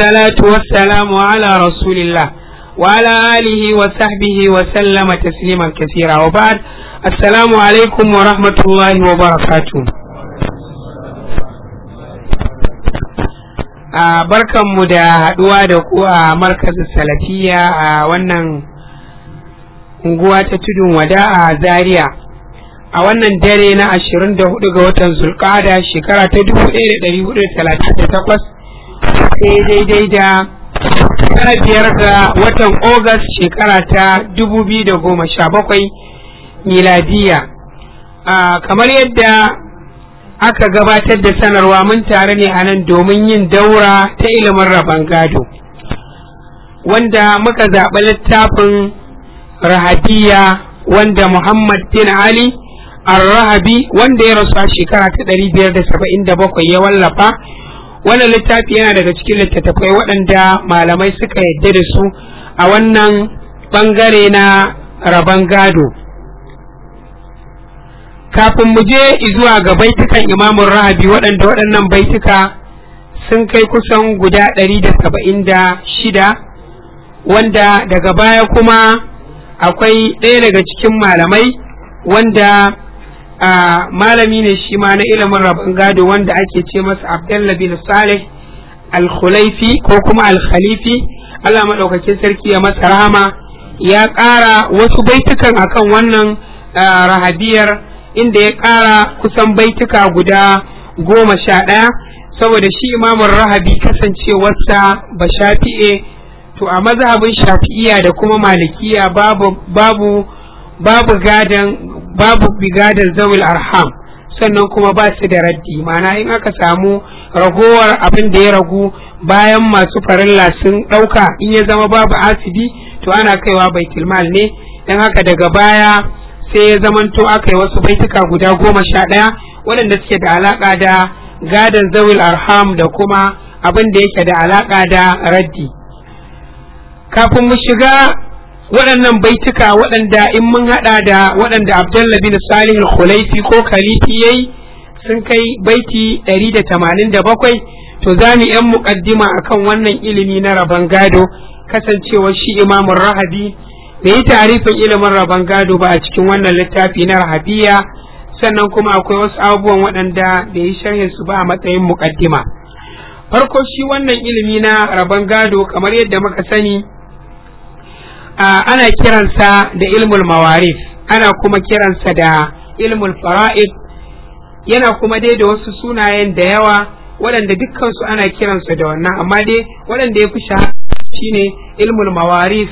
والصلاة والسلام على رسول الله وعلى آله وصحبه وسلم تسليما كثيرا وبعد السلام عليكم ورحمة الله وبركاته barkanmu da haɗuwa da ku a markazin salafiya a wannan unguwa ta tudun wada a zaria a wannan dare na 24 ga watan zulkada shekara ta 1438 sai daidai da tara biyar ga watan Ogas shekara ta dubu biyu da goma sha bakwai miladiya. Kamar yadda aka gabatar da sanarwa mun tare ne a nan domin yin daura ta ilimin rabon gado. Wanda muka zaɓi littafin rahadiya wanda Muhammad bin Ali al-Rahabi wanda ya rasu a shekara ta 577 ya wallafa wannan littafi yana daga cikin littattafai waɗanda malamai suka yadda da su a wannan ɓangare na rabon gado kafin mu je zuwa ga baitukan imamun rahabi waɗanda waɗannan baituka sun kai kusan guda ɗari da saba'in da shida wanda daga baya kuma akwai ɗaya daga cikin malamai wanda a malami ne shi ma na ilimin rabin gado wanda ake ce masa abdullah bin salih al-khulaifi ko kuma al-khalifi Allah madaukakin sarki ya masa rahama ya ƙara wasu baitukan akan wannan rahabiyar. inda ya ƙara kusan baituka guda goma sha ɗaya saboda shi imamun rahabi kasancewarsa ba shafi'e to a mazhabin shafi'iya da kuma malikiya babu babu babu gadan babu bigadar zawil arham sannan kuma ba su da raddi mana in aka samu ragowar abin da ya ragu bayan masu farilla sun ɗauka in ya zama babu asidi to ana kaiwa baitul mal ne dan haka daga baya sai ya zamanto aka yi wasu baituka guda goma sha ɗaya waɗanda suke da alaƙa da gadon zawil arham da kuma abin da yake da alaƙa da raddi kafin mu shiga waɗannan baituka waɗanda in mun haɗa da waɗanda Abdullahi bin salih al-khulaifi ko khalifi yayi sun kai baiti 187 to za mu yan muƙaddima akan wannan ilimi na rabon gado kasancewar shi imamun rahabi da yi tarifin ilimin rabon gado ba a cikin wannan littafi na rahabiya sannan kuma akwai wasu abubuwan waɗanda da yi sharhin su ba a matsayin muƙaddima farko shi wannan ilimi na rabon gado kamar yadda muka sani ana kiransa da ilmul mawarif ana kuma kiransa da ilmul fara'id yana kuma dai da wasu sunayen da yawa waɗanda dukkansu ana kiransa da wannan amma dai waɗanda ya fi shi shine ilmul mawarif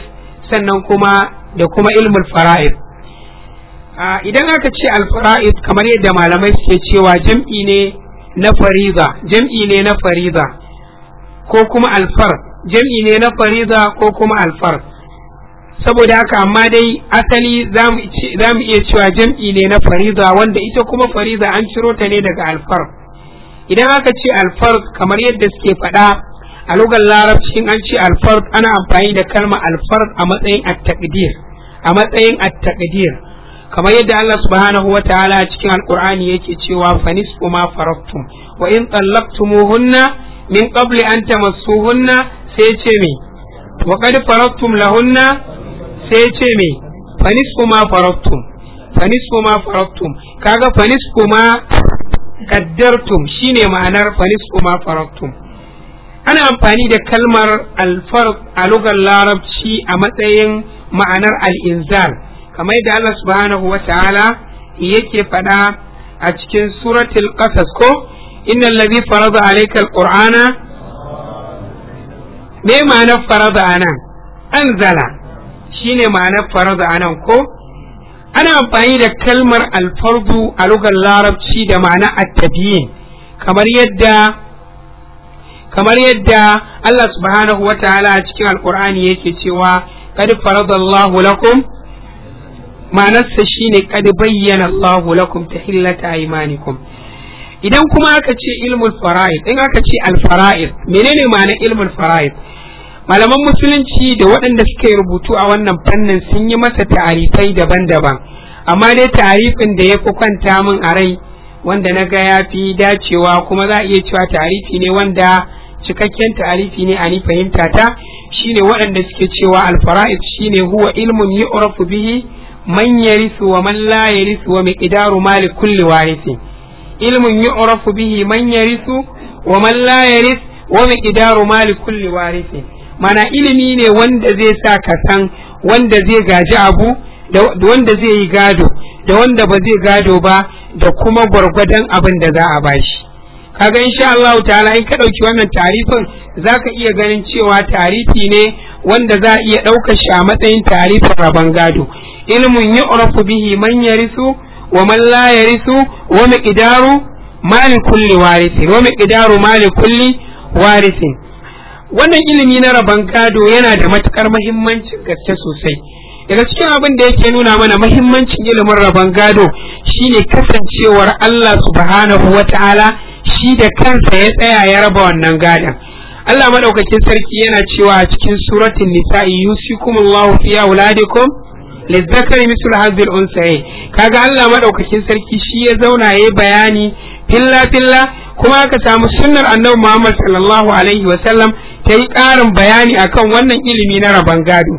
sannan kuma da kuma ilmul fara'id idan aka ce alfara'id kamar yadda malamai suke cewa jam'i ne na fariza jam'i ne na fariza ko kuma alfar jam'i ne na fariza ko kuma alfar saboda haka amma dai asali za mu iya cewa jam'i ne na fariza wanda ita kuma fariza an ciro ta ne daga alfar idan aka ce alfar kamar yadda suke faɗa a lugar larabcin an ce alfar ana amfani da kalma alfar a matsayin at a matsayin at kamar yadda Allah subhanahu wa ta'ala cikin alqur'ani yake cewa fanis, ma faraktum wa in talaqtumuhunna min qabli an tamassuhunna sai ce me wa qad faraktum lahunna sai ya ce me fanis kuma faraktum fanis kuma faraktum kaga fanis kuma kaddartum shine ma'anar fanis kuma faraktum ana amfani da kalmar alfarq a lugar larabci a matsayin ma'anar al'inzar kamar da Allah subhanahu wa ta'ala yake faɗa a cikin suratul qasas ko innal ladhi farada alayka alqur'ana me ma'anar farada anan anzala shine ma'anar a anan ko ana amfani da kalmar alfardu a lugar larabci da ma'ana attabiyin kamar yadda kamar yadda Allah subhanahu wa ta'ala a cikin alkur'ani yake cewa qad faradallahu lakum ma'anarsa shine qad bayyana Allahu lakum tahillata aymanikum idan kuma aka ce ilmul fara'id in aka ce alfara'id menene ma'anar ilmul fara'id malaman musulunci da waɗanda suka yi rubutu a wannan fannin sun yi masa ta'arifai daban-daban amma dai ta'arifin da ya fi kwanta min a rai wanda na ga ya fi dacewa kuma za a iya cewa tarifi ne wanda cikakken ta'arifi ne a ni fahimta ta shine waɗanda suke cewa alfarais shine huwa ilmun yu'rafu bihi man yarisu wa man la yarisu wa miqdaru mali kulli warisi ilmun yu'rafu bihi man yarisu wa man la wa miqdaru mali kulli warisi mana ilimi ne wanda zai sa ka san wanda zai gaji abu da wanda zai yi gado da wanda ba zai gado ba da kuma gwargwadon abin da za a bashi kaga insha Allah ta'ala in ka dauki wannan tarifin zaka iya ganin cewa tarifi ne wanda za a iya ɗaukar shi a matsayin tarifin rabon gado ilmun yu'rafu bihi man yarisu wa man la yarisu wa miqdaru mali kulli wa miqdaru mali kulli warisin wannan ilimi na rabon gado yana da matukar mahimmancin gaske sosai daga cikin abin da yake nuna mana mahimmancin ilimin rabon gado shine kasancewar Allah subhanahu ta'ala shi da kansa ya tsaya ya raba wannan gadon Allah Maɗaukakin sarki yana cewa a cikin suratul nisa'i yusikumullahu fi auladikum lizzakari misul hazil unsaye kaga Allah Maɗaukakin sarki shi ya zauna yayi bayani filla filla kuma aka samu sunnar annabi Muhammad sallallahu alaihi wa sallam ta yi ƙarin bayani akan wannan ilimi na rabon gado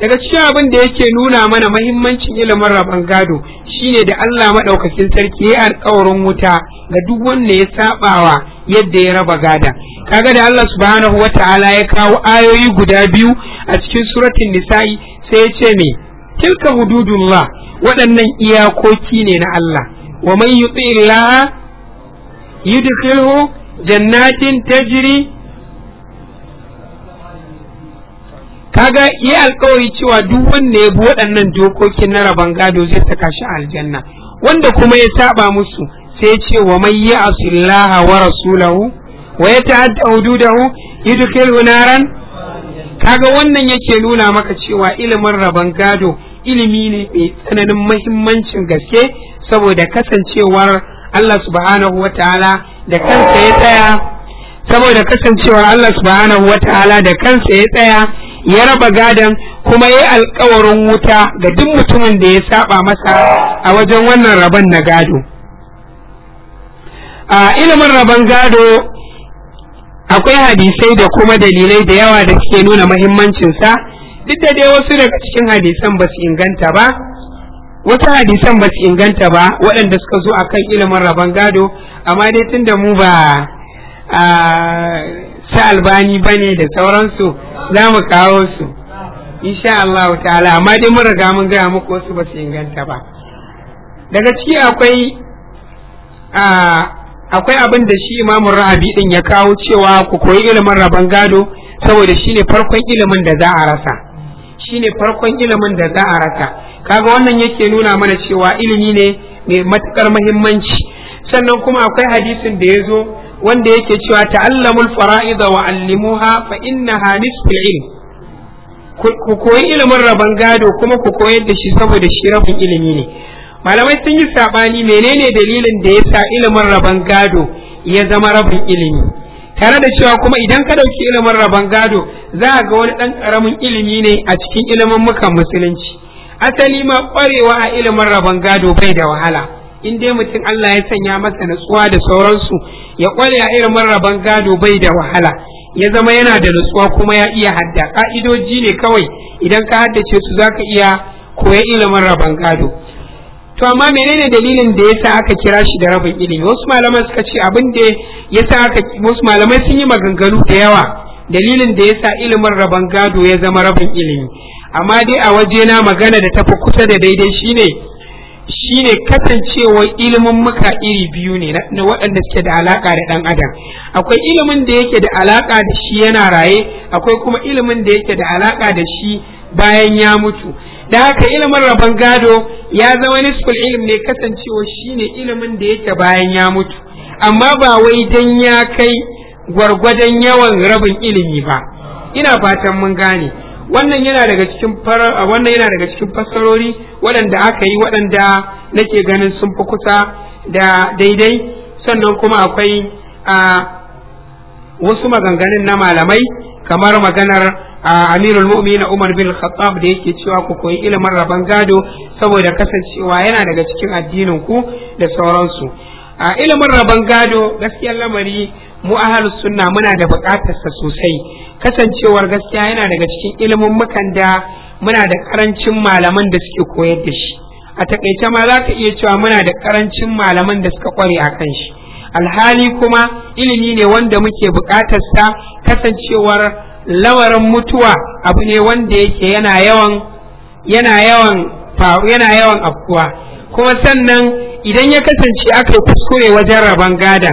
daga cikin abin da yake nuna mana mahimmancin ilimin rabon gado shine da Allah maɗaukakin sarki ya alƙawarin wuta ga duk wanda ya saɓawa yadda ya raba gada kaga da Allah subhanahu wa ta'ala ya kawo ayoyi guda biyu a cikin suratin nisa'i sai ya ce me tilka hududullah waɗannan iyakoki ne na Allah wa man yuti illaha yudkhilhu jannatin tajri kaga yi alkawari cewa duk wanda ya bi waɗannan dokokin na rabon gado zai taka shi aljanna wanda kuma ya saba musu sai ce wa mai yi asullaha wa rasulahu wa ya yata'adda hududahu yudkhilhu naran kaga wannan yake nuna maka cewa ilimin rabon gado ilimi ne mai tsananin mahimmancin gaske saboda kasancewar Allah subhanahu wataala da kansa ya tsaya saboda kasancewar Allah subhanahu wataala da kansa ya tsaya ya raba gadon kuma ya yi alkawarin wuta ga duk mutumin da ya saba masa a wajen wannan rabon na gado a ilimin rabon gado akwai hadisai da kuma dalilai da yawa da suke nuna mahimmancinsa duk da dai wasu daga cikin hadisan ba su inganta ba wasu hadisan ba su inganta ba waɗanda suka zo a kan ilimin rabon gado amma dai tun da mu ba ta albani bane da sauransu za mu kawo su insha Allah ta'ala amma dai mun riga mun gaya muku wasu ba su inganta ba daga ciki akwai akwai abin da shi imamun ra'abi din ya kawo cewa ku koyi ilimin rabon gado saboda shine farkon ilimin da za a rasa shine farkon ilimin da za a rasa kaga wannan yake nuna mana cewa ilimi ne mai matukar muhimmanci sannan kuma akwai hadisin da ya zo wanda yake cewa ta'allamul fara'iza wa allimuha fa innaha nisful ilm ku koyi ilimin rabon gado kuma ku koyar da shi saboda shi rabin ilimi ne malamai sun yi sabani menene dalilin da ya sa ilimin rabon gado ya zama rabin ilimi tare da cewa kuma idan ka dauki ilimin rabon gado za a ga wani dan karamin ilimi ne a cikin ilimin mukan musulunci asali ma kwarewa a ilimin rabon gado bai da wahala in dai mutum Allah ya sanya masa nutsuwa da sauransu ya kware a irin marraban gado bai da wahala ya zama yana da nutsuwa kuma ya iya hadda ka'idoji ne kawai idan ka haddace su zaka iya koya ilimin rabon gado to amma menene dalilin da yasa aka kira shi da rabin ilimi wasu malaman suka ce abin da sa aka wasu malamai sun yi maganganu da yawa dalilin da yasa ilimin rabon gado ya zama rabin ilimi amma dai a waje na magana da tafi kusa da daidai shine shine kasancewa ilimin muka iri biyu ne na waɗanda suke da alaƙa da ɗan adam akwai ilimin da yake da alaƙa da shi yana raye akwai kuma ilimin da yake da alaƙa da shi bayan ya mutu da haka ilimin rabon gado ya zama nisful ilim ne kasancewa shi ne ilimin da yake bayan ya mutu amma ba wai dan ya kai gwargwadon yawan rabin ilimi ba ina fatan mun gane wannan yana daga cikin wannan yana daga cikin fassarori waɗanda aka yi waɗanda nake ganin sun fi kusa da daidai sannan kuma akwai a wasu maganganun na malamai kamar maganar a amirul mu'minin umar bin khattab da yake cewa ku koyi ilimin rabon gado saboda kasancewa yana daga cikin addinin ku da sauransu a ilimin rabon gado gaskiyar lamari mu ahlus sunna muna da buƙatar sa sosai kasancewar gaskiya yana daga cikin ilimin mukan da muna da karancin malaman da suke koyar da shi a takaice ma za ka iya cewa muna da karancin malaman da suka kware a kan shi alhali kuma ilimi ne wanda muke buƙatar sa kasancewar lamarin mutuwa abu ne wanda yake yana yawan yana afkuwa kuma sannan idan ya kasance aka kuskure wajen rabon gada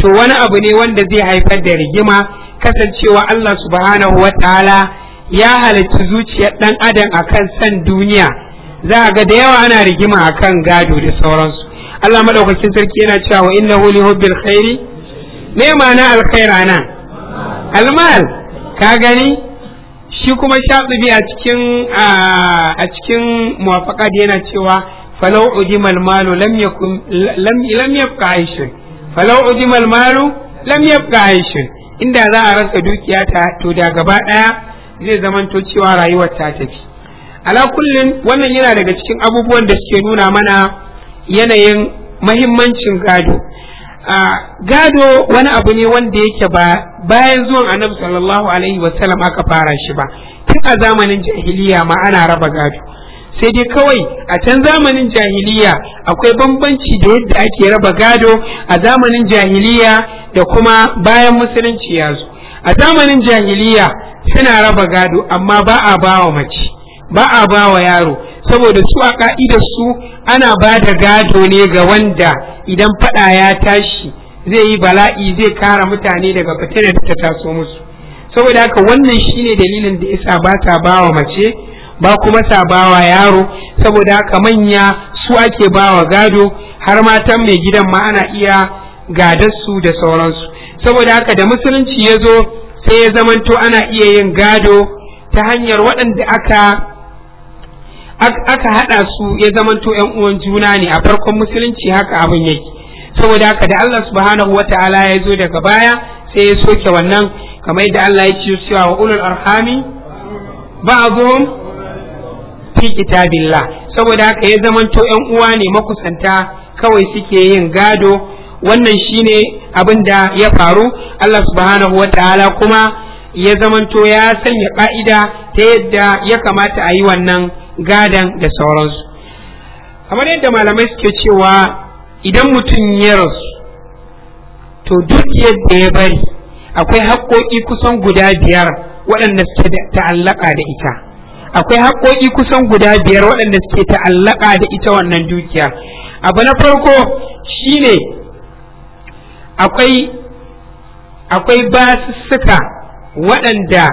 to wani abu ne wanda zai haifar da rigima kasancewa Allah subhanahu wa ta'ala ya halarci zuciyar ɗan adam akan san duniya za a ga da yawa ana rigima akan gado da sauransu Allah maɗaukakin sarki yana cewa wa innahu li hubbil khairi me ma'ana alkhaira nan almal ka gani shi kuma sha a cikin a cikin muwafaqat yana cewa falau ujimal malu lam yakun lam lam yabqa falau ujimal malu lam yabqa inda za a rasa dukiya ta to da gaba ɗaya zai to cewa rayuwar ta tafi ala kullin wannan yana daga cikin abubuwan da suke nuna mana yanayin mahimmancin gado gado wani abu ne wanda yake ba bayan zuwan annabi sallallahu alaihi wasallam aka fara shi ba tun a zamanin jahiliya ma ana raba gado sai dai kawai a can zamanin jahiliya akwai bambanci da yadda ake raba gado a zamanin jahiliya da kuma bayan musulunci ya zo a zamanin jahiliya suna raba gado amma ba a bawa mace ba a bawa yaro saboda su a ka'idar su ana ba da gado ne ga wanda idan fada ya tashi zai yi bala'i zai kara mutane daga fitinar da ta taso musu saboda haka wannan shine dalilin da yasa ba ta bawa mace ba kuma sabawa yaro saboda haka manya su ake bawa gado har matan mai gidan ma ana iya gadarsu da sauransu saboda haka da musulunci ya zo sai ya zamanto ana iya yin gado ta hanyar waɗanda aka aka haɗa su ya zamanto ‘yan uwan juna ne a farkon musulunci haka abin yake saboda haka da Allah subhanahu wa ta'ala ya zo daga baya sai ya soke wannan kamar yadda Allah ya ce cewa wa ulul arhami ba'dhum fi kitabillah saboda haka ya zamanto yan uwa ne makusanta kawai suke yin gado wannan shine abin da ya faru Allah subhanahu wataala kuma ya zamanto ya sanya ka'ida ta yadda ya kamata a yi wannan gadan da sauransu kamar yadda malamai suke cewa idan mutum ya rasu to duk yadda ya bari akwai haƙƙoƙi kusan guda biyar waɗanda suke ta'allaka da ita akwai haƙoƙi kusan guda biyar waɗanda suke ta'allaka da ita wannan dukiya abu na farko shine akwai akwai basussuka waɗanda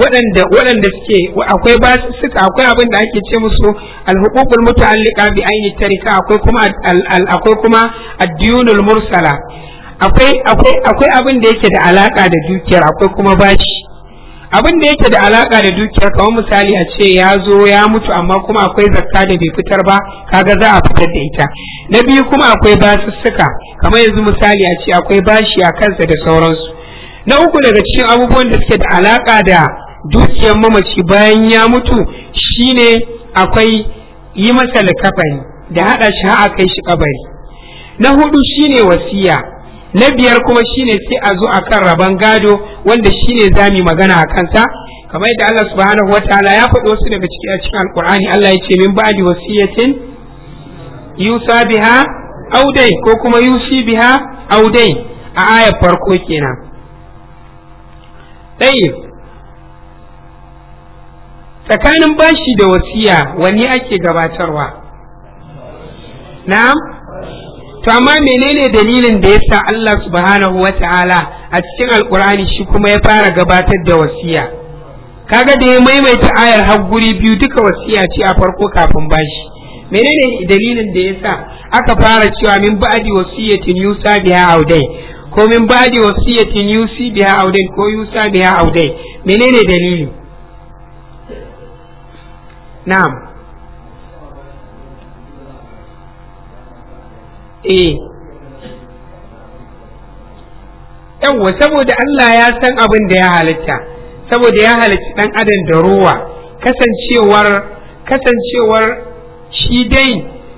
waɗanda waɗanda suke akwai basussuka akwai abin da ake ce musu alhuququl muta'alliqa bi ayni tarika akwai kuma akwai kuma ad-diyunul mursala akwai akwai akwai abin da yake da alaka da dukiyar akwai kuma bashi abin da yake da alaka da dukiyar kamar misali a ce ya zo ya mutu amma kuma akwai zakka da bai fitar ba kaga za a fitar da ita na biyu kuma akwai basussuka kamar yanzu misali a ce akwai bashi a kansa da sauransu na uku daga cikin abubuwan da suke da alaka da dukiyar mamaci bayan ya mutu shine akwai yi masa likafari da haɗa shi a kai shi kabari na hudu shine wasiya na biyar kuma shine sai a zo akan rabon gado wanda shine zami magana a kansa kamar yadda Allah subhanahu wataala ya faɗi wasu daga ciki a cikin alkur'ani Allah ya ce min ba'di wasiyatin yusa biha audai ko kuma yusi biha audai dai a ayar farko kenan tsakanin bashi da wasiya wani ake gabatarwa na'am to amma menene dalilin da ya sa Allah subhanahu wataala a cikin alkur'ani shi kuma ya fara gabatar da wasiya kaga da ya maimaita ayar har guri biyu duka wasiya ce a farko kafin bashi menene dalilin da ya sa aka fara cewa min ba'di wasiyatin yusa biha audai ko min ba'di wasiyatin yusi biha audai ko yusa biha audai menene dalili na'am eh yawwa saboda Allah ya san abin da ya halitta saboda ya halitta dan adam da ruwa kasancewar kasancewar shi dai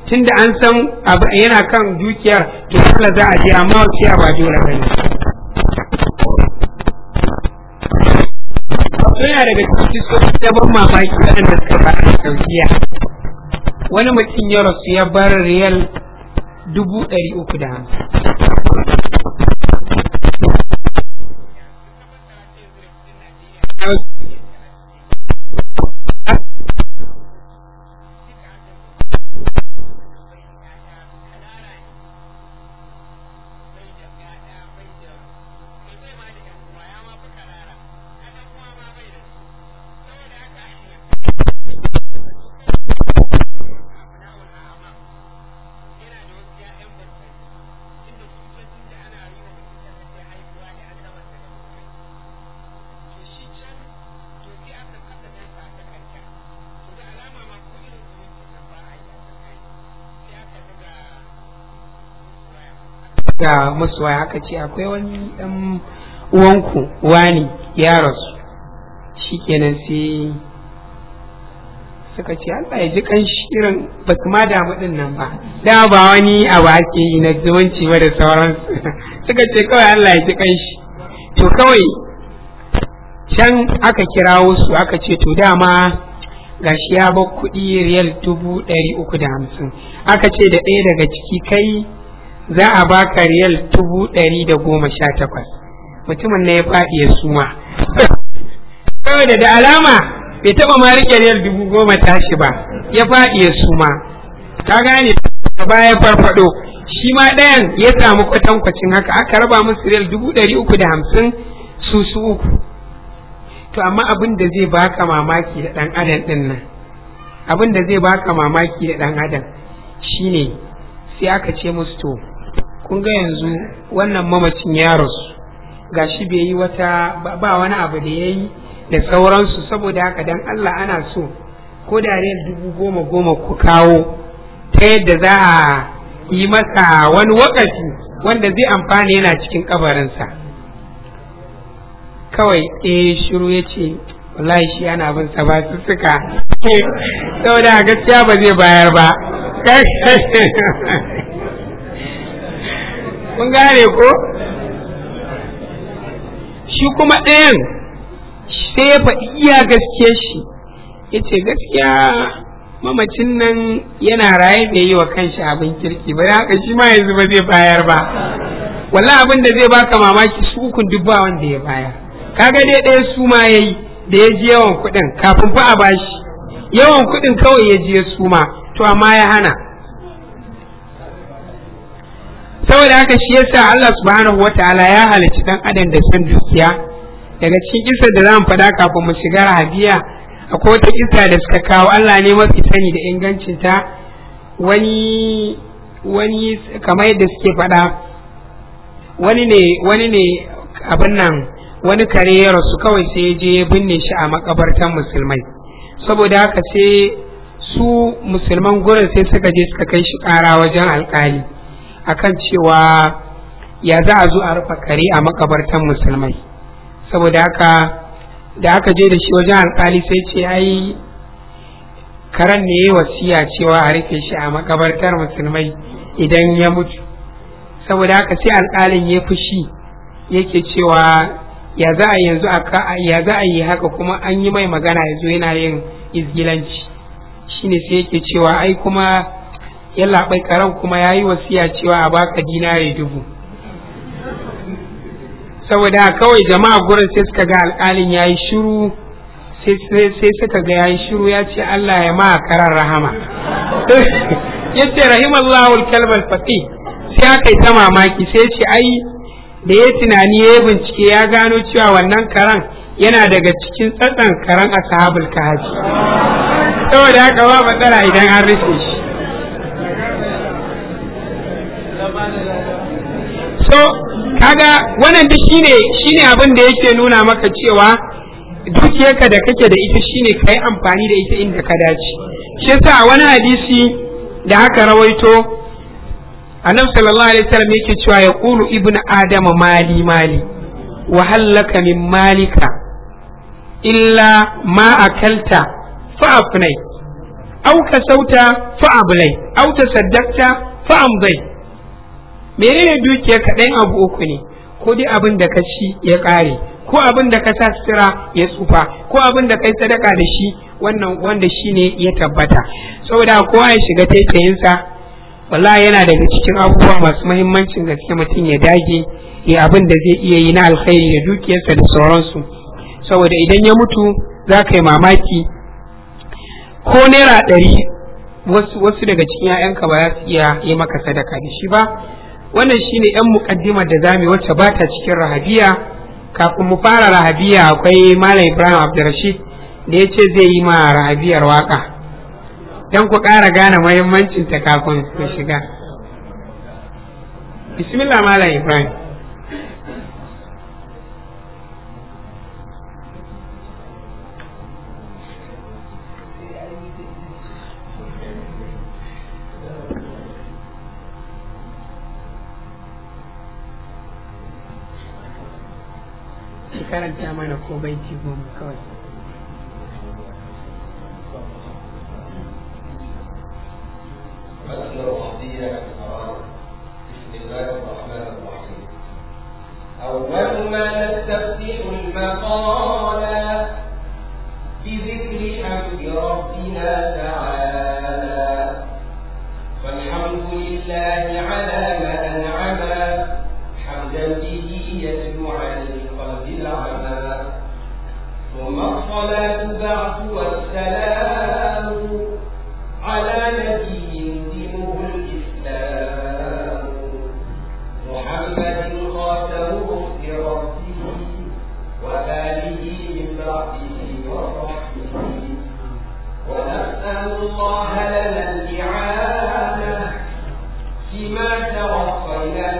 tunda an san abu yana kan dukiyar to kala za a je amma sai ba dole ba ne yana daga cikin sosai da ban mamaki da suka fara saudiya wani mutum ya rasu ya bar riyal dubu ɗari uku da hamsin I was da waya aka ce akwai wani dan uwanku wani ya rasu shikenan sai suka ce Allah ya ji kanshi irin ba su ma damu din nan ba da ba wani abu ake yi na zumunci wadda da sauransu suka ce kawai Allah ya ji kanshi to kawai can aka kira wasu aka ce to dama shi ya bar kuɗi riyal dubu ɗari uku da hamsin aka ce da ɗaya daga ciki kai za a baka riyal dubu ɗari da goma sha takwas mutumin na ya faɗi ya suma saboda da alama bai taɓa ma riƙe riyal dubu goma tashi ba ya faɗi ya suma ka gane baya farfaɗo shi ma ɗayan ya samu kwatankwacin haka aka raba musu riyal dubu ɗari uku da hamsin su su uku to amma abin da zai baka mamaki da ɗan adam ɗin nan abin da zai baka mamaki da ɗan adam shine sai aka ce musu to kun ga yanzu wannan mamacin ya rasu shi bai yi wata ba wani abu da ya yi da sauransu saboda haka dan Allah ana so ko da riyal dubu goma goma ku kawo ta yadda za a yi masa wani wakati wanda zai amfani yana cikin kabarinsa kawai eh shiru ya ce wallahi shi ana bin sa ba su suka saboda gaskiya ba zai bayar ba Kun gane ko shi kuma ɗayan sai ya faɗi iya gaske shi ya ce gaskiya mamacin nan yana raye da yi wa kanshi abin kirki ba haka shi ma yanzu ba zai bayar ba wallahi abin da zai baka mamaki su ukun dubba wanda ya baya, kaga dai ɗaya su ma yayi da ya ji yawan kuɗin kafin fa a bashi yawan kuɗin kawai ya je su ma to amma ya hana saboda haka shi yasa Allah subhanahu wa ta'ala ya halicci dan adam da san dukiya daga cikin kisa da zamu faɗa kafin mu shiga hadiya akwai wata kisa da suka kawo Allah ne mafi sani da ingancin ta wani wani kamar yadda suke faɗa wani ne wani ne abin nan wani kare ya rasu kawai sai ya je ya binne shi a makabartan musulmai saboda haka sai su musulman gurin sai suka je suka kai shi kara wajen alƙali akan cewa ya za a zo a rufa kare a makabartan musulmai saboda haka da aka je da shi wajen alkali sai ce ai karen ne wasiya cewa a rufe shi a makabartar musulmai idan ya mutu saboda haka sai alkalin ya fushi yake cewa ya za a yanzu ya za a yi haka kuma an yi mai magana yanzu yana yin izgilanci shine sai yake cewa ai kuma ya labai karan kuma ya yi wasiya cewa a baka dinari dubu saboda kawai jama'a gurin sai suka ga alƙalin ya yi shiru sai suka ga ya yi shiru ya ce Allah ya ma karen rahama ya ce rahimallahu kalmar fati sai aka yi ta mamaki sai ce ai da ya tunani ya bincike ya gano cewa wannan karan yana daga cikin tsatsan karan ashabul kahfi saboda haka ba matsala idan an rufe shi to kaga wannan duk shine shine abin da yake nuna maka cewa dukiyarka da kake da ita shine kai amfani da ita inda ka dace shi yasa wani hadisi da haka rawaito annabi sallallahu alaihi wasallam yake cewa ya qulu ibnu adama mali mali wa halaka min malika illa ma akalta fa afnai aw kasauta fa ablai aw tasaddaqta fa amdai menene dukiyar ka abu uku ne ko dai abin da ka ci ya ƙare ko abin da ka sa sutura ya tsufa ko abin da kai sadaka da shi wannan wanda ne ya tabbata saboda kowa ya shiga taitayinsa wallahi yana daga cikin abubuwa masu muhimmancin gaske mutum ya dage ya abin da zai iya yi na alkhairi da dukiyarsa da sauransu saboda idan ya mutu za ka yi mamaki ko naira ɗari wasu daga cikin 'ya'yanka ba za su iya yi maka sadaka da shi ba wannan shine yan mukaddimar da zamu wacce ba ta cikin rahabiya kafin mu fara rahabiya akwai malam ibrahim abdurrashid da ya ce zai yi ma rahabiyar waƙa dan ku ƙara gane mahimmancinta kafin ku shiga bismillah malam ibrahim karanta mana ko baiti goma kawai أول ما نستفتح المقالة بذكر حمد ربنا تعالى فالحمد لله على ما أنعم حمدا به يتلو عليك بالعمى ثم الصلاة بعد والسلام على نبي دينه الإسلام محمد خاتم رسل ربه وآله من بعده ورحمه ونسأل الله لنا الإعانة فيما توفينا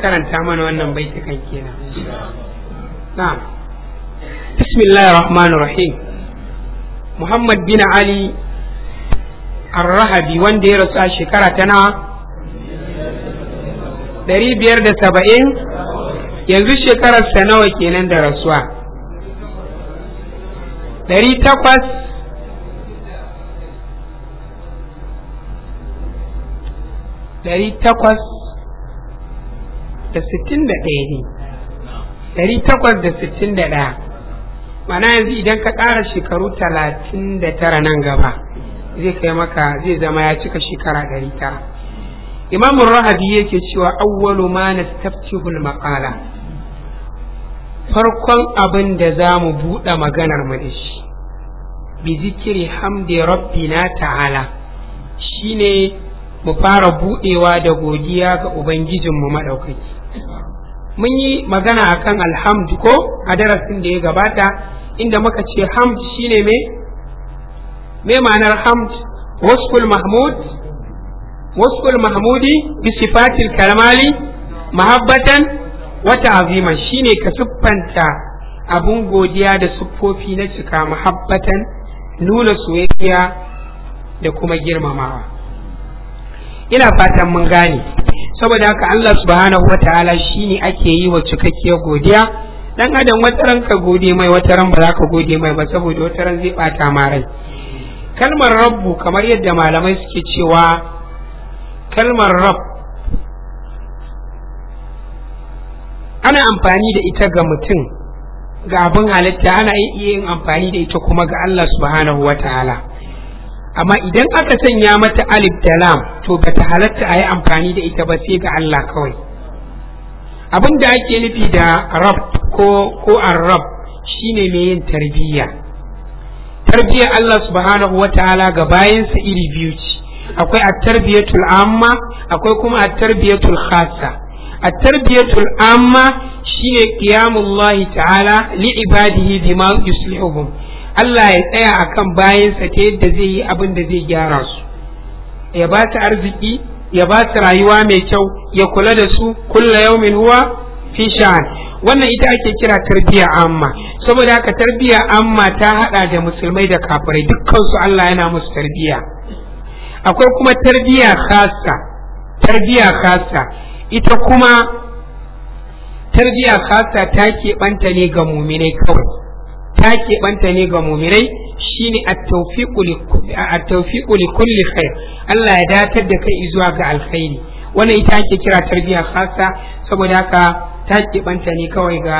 karanta mana wannan baitukan kenan na'am bismillahir rahmanir rahim muhammad bin ali ar-rahabi wanda ya rasu a shekara ta nawa ɗari biyar da saba'in yanzu shekararsa nawa kenan da rasuwa ɗari takwas ɗari takwas da sittin da ɗaya ne ɗari takwas da sittin da ɗaya mana yanzu idan ka ƙara shekaru talatin da tara nan gaba zai kai maka zai zama ya cika shekara ɗari tara imamu rahabi yake cewa awwalu ma nastaftihul maqala farkon abin da za mu buɗe maganar mu da shi bi zikiri hamdi rabbina ta'ala shine mu fara buɗewa da godiya ga ubangijinmu madaukaki mun yi magana a kan alhamd ko a darasin da ya gabata inda muka ce hamd shine me me ma'anar hamd waskul mahmud waskul mahmudi bi sifatil kalamali mahabbatan wata ta'ziman shine ka siffanta abun godiya da siffofi na cika mahabbatan nuna soyayya da kuma girmamawa ina fatan mun gane saboda haka Allah subhanahu wataala shine ake yi wa cikakkiyar godiya dan adam ran ka gode mai wata ran ba za ka gode mai ba saboda ran zai bata ma rai kalmar rabbu kamar yadda malamai suke cewa kalmar rabb ana amfani da ita ga mutum ga abin halitta ana iya yin amfani da ita kuma ga Allah subhanahu wataala amma idan aka sanya mata alif da lam to bata halatta a yi amfani da ita ba sai ga Allah kawai abin da ake nufi da rab ko ko arab shine mai yin tarbiyya tarbiyyar Allah subhanahu Ta'ala ga bayansa iri biyu ce akwai at-tarbiyatul amma akwai kuma at-tarbiyatul khassa at-tarbiyatul amma shine qiyamullahi ta'ala li ibadihi bima yuslihuhum Allah ya tsaya a kan bayansa ta yadda zai yi abin da zai gyara su ya ba su arziki ya ba su rayuwa mai kyau ya kula da su kulla yaumin huwa fi sha'an wannan ita ake kira tarbiya amma saboda haka tarbiyya amma ta haɗa da musulmai da kafirai dukkansu Allah yana musu tarbiya akwai kuma tarbiya Khasa, tarbiya Khasa, ita kuma tarbiya Khasa ta ke ɓanta ne ga muminai kawai ta keɓanta ne ga mumirai shine a tawfiqu li kulli khair Allah ya datar da kai zuwa ga alkhairi wannan ita ake kira tarbiyya khassa saboda haka ta keɓanta ne kawai ga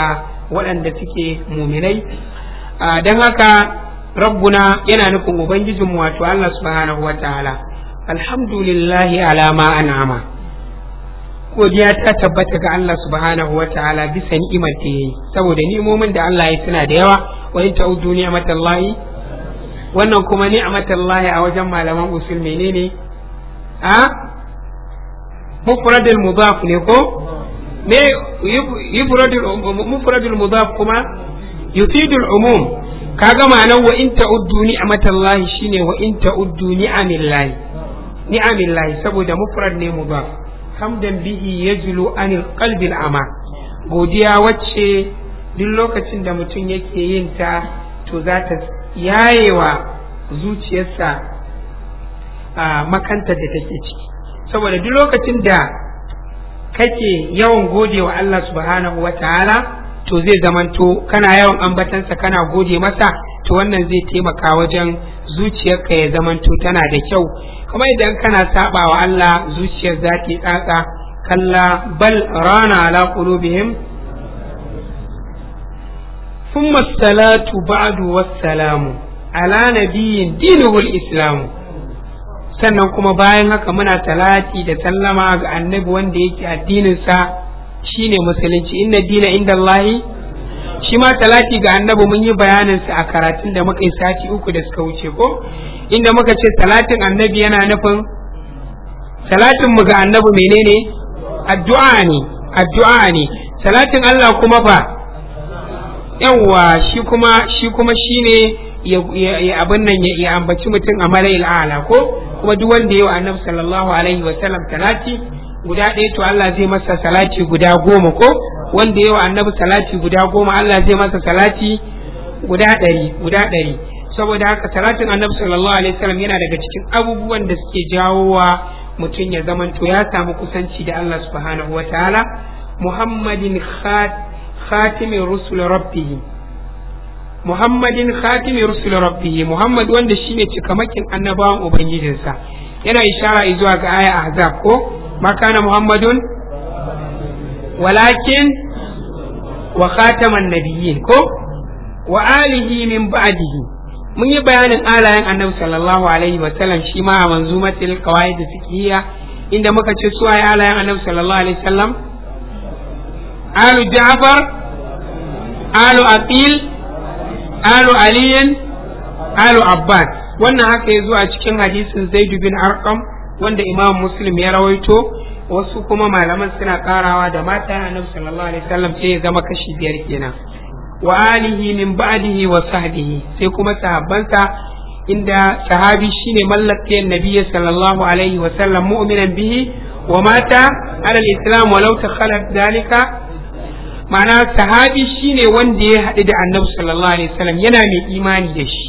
waɗanda suke muminai don haka rabbuna yana nufin ubangijinmu wato Allah subhanahu wa ta'ala alhamdulillahi alama an'ama godiya ta tabbata ga Allah subhanahu wa ta'ala bisa ni'imar da yayi saboda ni'imomin da Allah ya suna da yawa wa in ta'udu ni'matallahi wannan kuma ni'matallahi a wajen malaman usul menene a mufradul mudaf ne ko me yufradul um, um, mufradul mudaf kuma yufidul umum kaga ma'anar wa in ta'uddu ni'matallahi shine wa in ta'uddu ni'amillahi ni'amillahi saboda mufrad ne mudaf hamdan bihi yajlu anil qalbil ama godiya wacce duk lokacin da mutum yake yin ta to za ta yayewa zuciyarsa a makanta da take ciki saboda duk lokacin da kake yawan gode wa Allah subhanahu wa ta'ala to zai zamanto kana yawan ambatansa kana gode masa to wannan zai taimaka wajen zuciyarka ya zamanto tana da kyau kuma idan kana saba wa Allah zuciyar za ta tsatsa kalla bal rana ala qulubihim thumma salatu ba'du wassalamu ala nabiyyin dinuhul islam sannan kuma bayan haka muna talati da sallama ga annabi wanda yake addinin sa shine musulunci inna dina inda Allahi shi ma salati ga annabi mun yi bayanin sa a karatun da muka yi sati uku da suka wuce ko inda muka ce salatin annabi yana nufin talatin mu ga annabi menene addu'a ne addu'a ne salatin Allah kuma fa yawa shi kuma shi kuma shine ya abin nan ya ambaci mutum a malayil ala ko kuma duk wanda yau annabi sallallahu alaihi wa sallam talati guda ɗaya to Allah zai masa salati guda goma ko wanda yawa annabi salati guda goma Allah zai masa salati guda ɗari guda ɗari saboda haka salatin annabi sallallahu alaihi wasallam yana daga cikin abubuwan da suke jawo wa mutum ya zamanto ya samu kusanci da Allah subhanahu wa ta'ala muhammadin khatimin rusul rabbihi muhammadin khatimin rusul rabbihi muhammad wanda shine cikamakin annabawan ubangijinsa yana ishara izuwa ga aya ahzab ko makana muhammadun walakin wa khataman nabiyyin ko wa min ba'dihi mun yi bayanin alayen annabi sallallahu alaihi wa sallam shi ma a manzumatil qawaid fiqhiyya inda muka ce su ayi alayen annabi sallallahu alaihi wa sallam alu ja'far wannan haka ya zo a cikin hadisin zaid bin arqam wanda imam muslim ya rawaito wasu kuma malaman suna karawa da mata annabi sallallahu alaihi wasallam sai ya zama kashi biyar kenan wa alihi min ba'dihi wa sahbihi sai kuma sahabbansa inda sahabi shine mallakin nabiyyi sallallahu alaihi wasallam mu'minan bihi wa mata ala al-islam walau takhalat dalika ma'ana sahabi shine wanda ya haɗu da annabi sallallahu alaihi wasallam yana mai imani da shi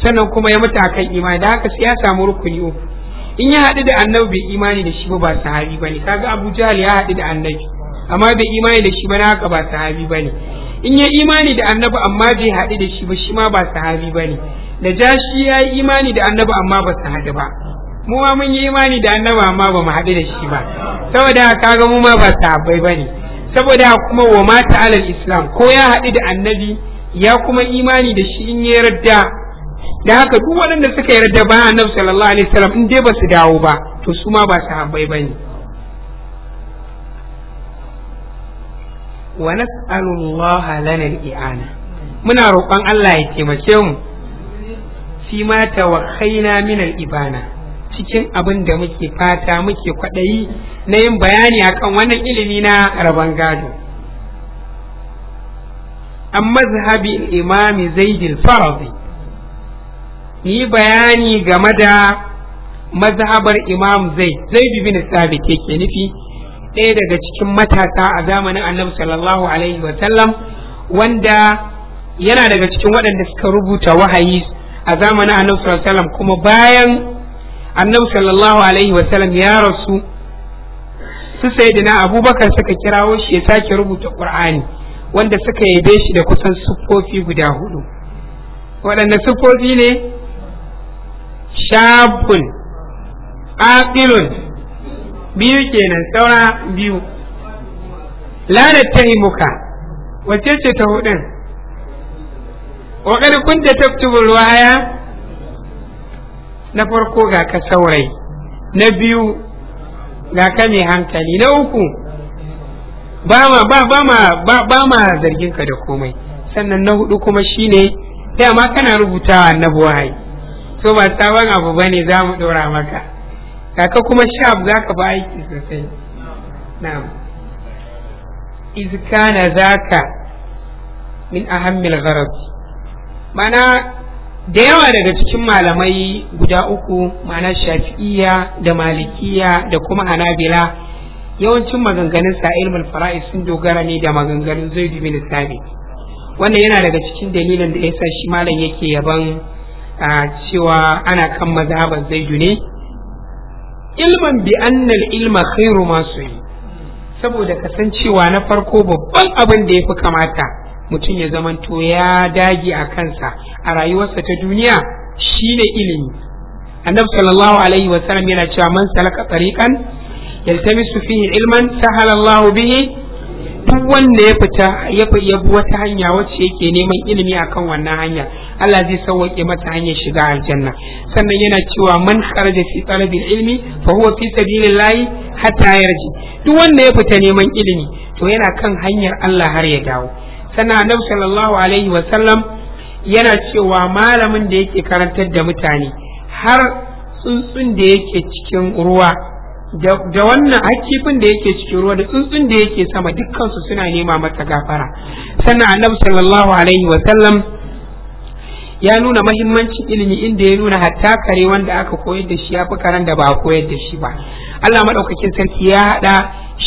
sannan kuma ya mutu akan imani da haka sai ya samu rukuni uku in ya haɗu da annabi bai imani da shi ba ba sahabi bane kaga Abu Jahl ya haɗu da annabi amma bai imani da shi ba na haka ba sahabi bane in ya imani da annabi amma bai haɗu da shi ba shi ma ba sahabi bane da jashi ya yi imani da annabi amma ba su haɗu ba mu ma mun yi imani da annabi amma ba mu haɗu da shi ba saboda kaga mu ma ba sahabbai bane saboda kuma wa mata alal islam ko ya haɗu da annabi ya kuma imani da shi in ya yarda da haka duk waɗanda suka yarda ba annabi sallallahu alaihi wasallam in dai ba su dawo ba to su ma ba su ba ne. wa nas'alullaha lana al-i'ana muna roƙon Allah ya taimake mu fi ma tawakhaina min al-ibana cikin abin da muke fata muke kwaɗayi na yin bayani akan wannan ilimi na rabon gado an mazhabi imami zaidil farabi yi bayani game da mazhabar imam zai zai bibi na sabi ke ke nufi ɗaya daga cikin matasa a zamanin annabi sallallahu alaihi wa sallam wanda yana daga cikin waɗanda suka rubuta wahayi a zamanin annabi sallallahu alaihi wa sallam kuma bayan annabi sallallahu alaihi wa sallam ya rasu su sayyidina abubakar suka kirawo shi ya sake rubuta qur'ani wanda suka yabe shi da kusan siffofi guda hudu waɗanne siffofi ne shabun aqilun biyu kenan saura biyu la muka wace ce ta hudun wa kun da taktubu ruwaya na farko ga ka saurayi na biyu ga ka mai hankali na uku ba ma ba ba ma ba ba ma zargin ka da komai sannan na hudu kuma shine ma kana rubutawa na buhari. so ba sabon abu ba ne za mu ɗora maka kaka kuma shaf za ka ba aiki sosai na'am iz kana zaka min ahammil gharad mana da yawa daga cikin malamai guda uku ma'ana shafi'iyya da malikiya da kuma hanabila yawancin maganganun sa ilmul fara'is sun dogara ne da maganganun zaidu bin sabit wannan yana daga cikin dalilin da yasa shi malam yake yaban a cewa ana kan mazhaban zaidu ne ilman bi annal ilma khairu ma yi saboda kasancewa na farko babban abin da ya fi kamata mutum ya zamanto ya dage a kansa a rayuwarsa ta duniya shine ilimi annabi sallallahu alaihi wa sallam yana cewa man salaka tariqan yaltamisu fihi ilman sahala Allahu bihi duk wanda ya fita ya bi wata hanya wacce yake neman ilimi akan wannan hanya Allah zai sauwaƙe mata hanyar shiga aljanna sannan yana cewa man kharaja fi talabi ilmi fa huwa fi sabilillahi hatta yarji duk wanda ya fita neman ilimi to yana kan hanyar Allah har ya dawo sannan annabi sallallahu alaihi wa sallam yana cewa malamin da yake karantar da mutane har tsuntsun da yake cikin ruwa da wannan hakifin da yake cikin ruwa da tsuntsun da yake sama dukkansu suna nema mata gafara sannan annabi sallallahu alaihi wa sallam ya nuna mahimmancin ilimi inda ya nuna hatta kare wanda aka koyar da shi ya fi karen da ba a koyar da shi ba Allah maɗaukakin sarki ya haɗa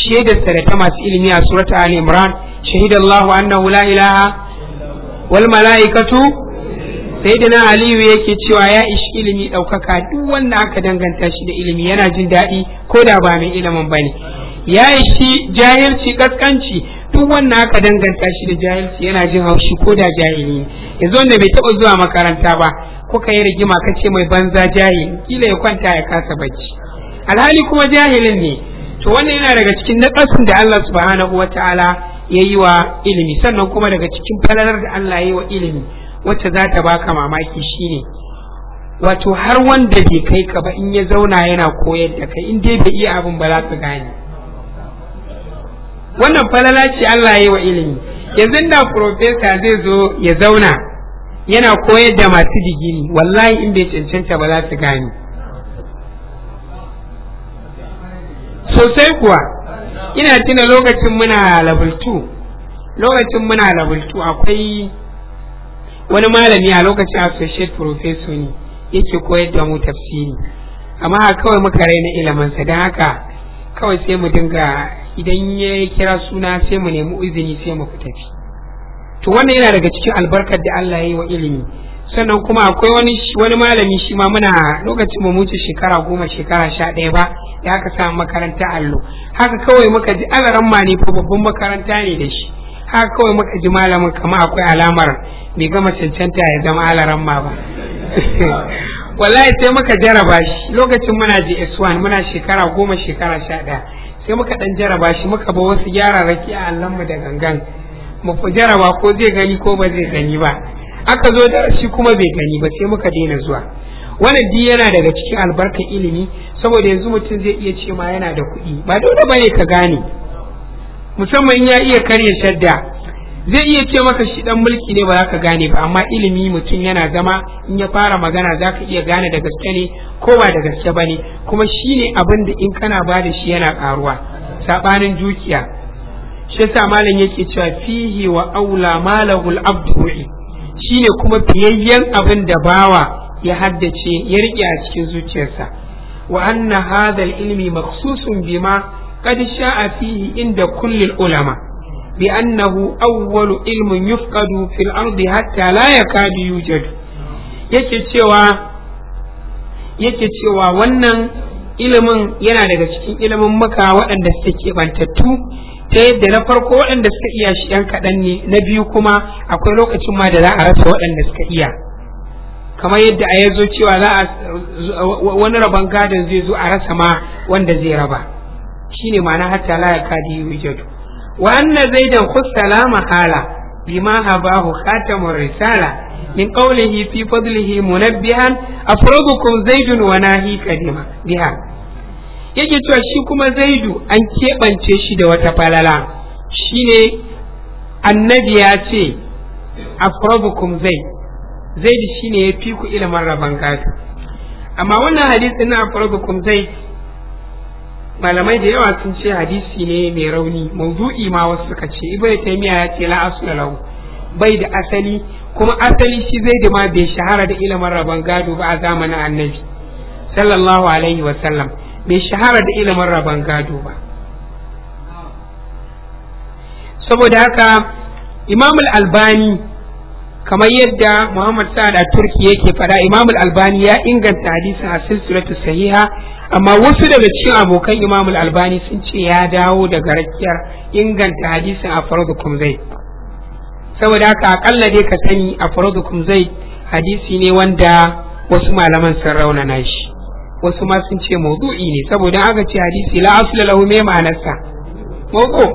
shaidarsa da ta masu ilimi a surat al imran shahidallahu annahu la ilaha wal mala'ikatu sayyidina aliyu yake cewa ya ishi ilimi ɗaukaka duk wanda aka danganta shi da ilimi yana jin daɗi ko da ba mai ilimin bane ya ishi jahilci kaskanci duk wannan aka danganta shi da jahilci yana jin haushi ko da jahili yanzu da bai taɓa zuwa makaranta ba ko ka yi rigima ka ce mai banza jahili kila ya kwanta ya kasa bacci alhali kuma jahilin ne to wannan yana daga cikin naƙasun da Allah subhanahu wataala ya yi wa ilimi sannan kuma daga cikin falalar da Allah ya yi wa ilimi wacce za ta baka mamaki shi ne? wato har wanda bai kai ka ba in ya zauna yana koyar da kai in dai bai iya abin ba za ka gane wannan falala ce Allah ya yi wa ilimi yanzu da profesa zai zo ya zauna yana koyar da masu digiri wallahi in bai cancanta ba za su gane sosai kuwa ina tuna lokacin muna level lokacin muna level akwai wani malami a lokacin associate professor ne yake koyar da mu tafsiri amma kawai muka raina ilimansa don haka kawai sai mu dinga idan ya kira suna sai mu nemi izini sai mu tafi to wannan yana daga cikin albarkar da Allah ya yi wa ilimi sannan kuma akwai wani malami shi ma muna lokacin mu mutu shekara goma shekara sha ɗaya ba ya aka samu makaranta allo haka kawai muka ji alaran ma ne fa babban makaranta ne da shi haka kawai muka ji malamin kama akwai alamar bai gama cancanta ya zama alaran ma ba wallahi sai muka jaraba shi lokacin muna ji S1 muna shekara goma shekara sha ɗaya sai muka dan jaraba shi muka ba wasu yararraki a allon mu da gangan mu fi jaraba ko zai gani ko ba zai gani ba aka zo da shi kuma bai gani ba sai muka daina zuwa wannan di yana daga cikin albarka ilimi saboda yanzu mutum zai iya ce ma yana da kuɗi ba dole bane ka gane musamman ya iya karya shadda zai iya ce maka shi dan mulki ne ba za ka gane ba amma ilimi mutum yana zama in ya fara magana za ka iya gane da gaske ne ko ba da gaske ba ne kuma shi ne abin da in kana ba da shi yana karuwa saɓanin dukiya shi yasa malam yake cewa fihi wa aula malahul shi shine kuma fiyayyen abin da bawa ya haddace ya rike a cikin zuciyarsa wa anna hadha ilmi makhsusun bima qad sha'a fihi inda kullil ulama بأنه أول علم يفقد في الأرض حتى لا يكاد يوجد yake cewa wannan ilimin yana daga cikin ilimin maka waɗanda suke bantattu ta yadda na farko waɗanda suka iya shi ‘yan kaɗan ne na biyu kuma akwai lokacin ma da za a rasa waɗanda suka iya kamar yadda a ya zo cewa za a wani rabon gadon zai zo a rasa ma wanda zai raba shine ma'ana hatta la ya kadi wujadu wa anna zaidan salama mahala bima habahu khatamur risala min qawlihi fi fadlihi munabbihan afradukum zaidun wa nahi kadima biha yake cewa shi kuma zaidu an keɓance shi da wata falala shine annabi ya ce afradukum zaid zaid shine ya fi ku ilimin rabon amma wannan hadisin na afradukum zaid malamai da yawa sun ce hadisi ne mai rauni maudu'i ma wasu suka ce ibn taymiya ya ce la asla lahu bai da asali kuma asali shi zai da ma bai shahara da ilimin rabon gado ba a zamanin annabi sallallahu alaihi wa sallam bai shahara da ilimin rabon gado ba saboda haka imam albani kamar yadda muhammad sa'ad a turki yake fada imam albani ya inganta hadisin a silsilatu sahiha amma wasu daga cikin abokan imam albani sun ce ya dawo daga rakiyar inganta hadisin a fardukum zai saboda haka akalla dai ka sani a fardukum zai hadisi ne wanda wasu malaman sun raunana shi wasu ma sun ce maudu'i ne saboda aka ce hadisi la asla lahu me ma'anarsa maudu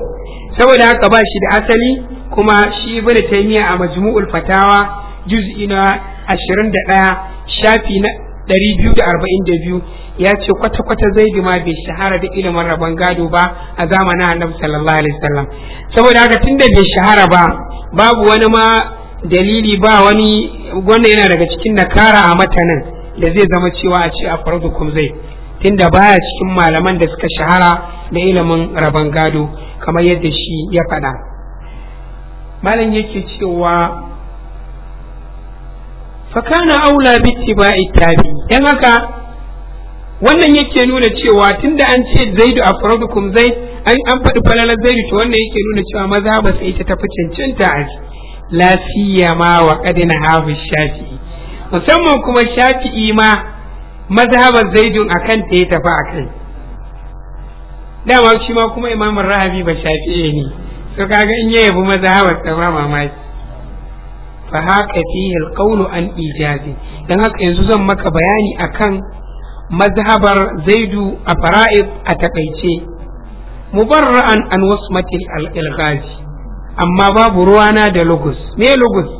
saboda haka ba shi da asali kuma shi bane taymiya a majmu'ul fatawa juz'i na 21 shafi na 242 ya ce kwata-kwata zai ma bai shahara da ilimin rabon gado ba a zamanin annabi sallallahu alaihi wasallam saboda haka tunda bai shahara ba babu wani ma dalili ba wani wannan yana daga cikin nakara a matanin da zai zama cewa a ce a fardukum zai tunda baya cikin malaman da suka shahara da ilimin rabon gado kamar yadda shi ya faɗa malam yake cewa fakana aula bi ba tabi dan haka wannan yake nuna cewa tunda an ce zaidu afradukum zaid an an faɗi falalar zaidu to wannan yake nuna cewa maza ba sai ita tafi cancanta a lafiya ma wa kadina hafi shafi'i musamman kuma shafi'i ma mazhabar zaidun akan ta ya tafi akan dama shi ma kuma imamin rahabi ba shafi'i ne so kaga in ya yabi mazhabar ta ba mamaki fa haka fihi alqawlu an ijazi dan haka yanzu zan maka bayani akan mazhabar zaidu a fara'id a takaice mubarra'an an wasmati al-ilghazi amma babu ruwana da lugus. me lugus?